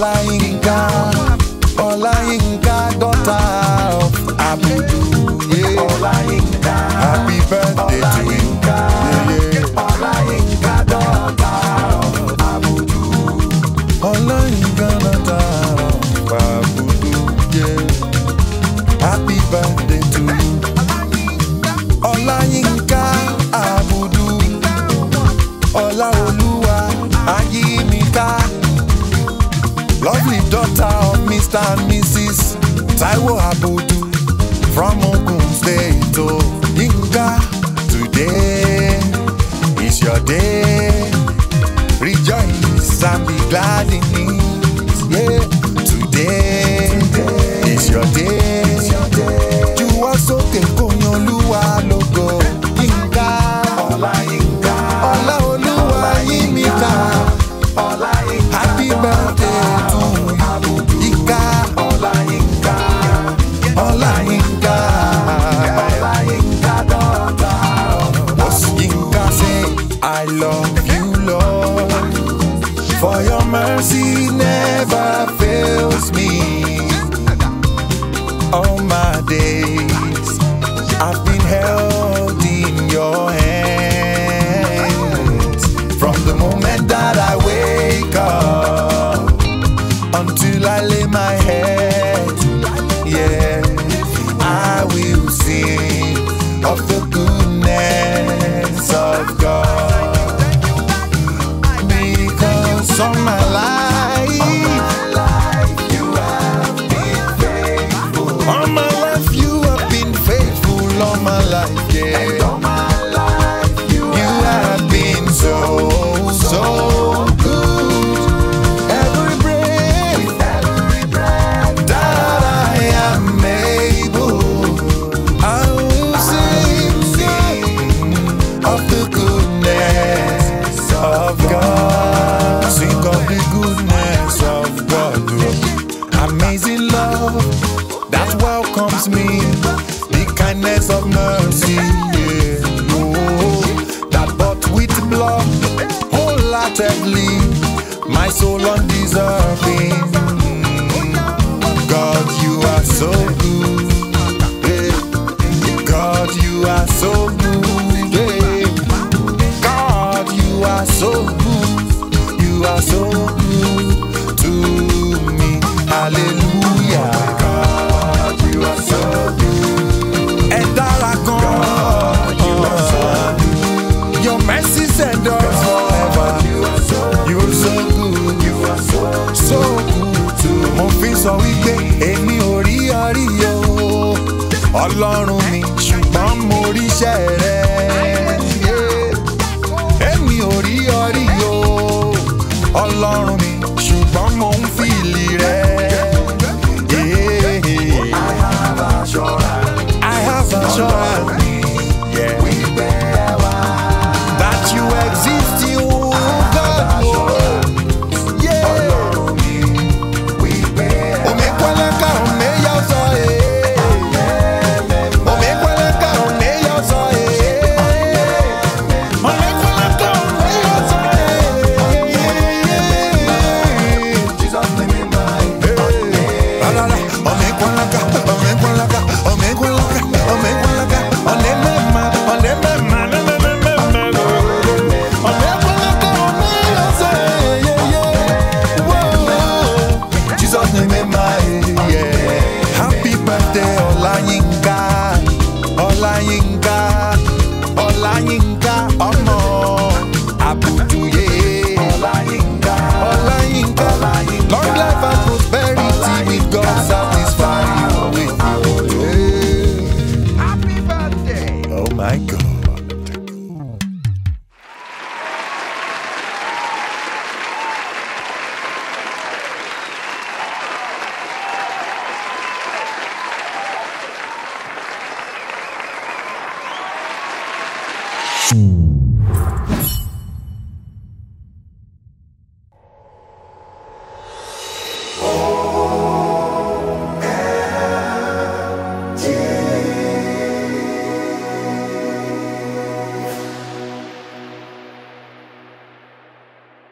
ọláyínká ọláyínká daughter of abudu yeah. ọláyínká happy birthday to you. ọláyínká daughter of abudu. ọláyínká daughter of abudu happy birthday. Mr. and Mrs. Taiwo Abudu from Ogun State to Yinka. Today is your day. Rejoice and be glad in up amazing love that welcomes me, the kindness of mercy, yeah. oh, that bought with blood, wholeheartedly, my soul undeserving. God, you are so èmi ò rí ọrí o ọlọ́run mi ṣùgbọ́n mo ríṣẹ́ rẹ. èmi ò rí ọrí o ọlọ́run mi. you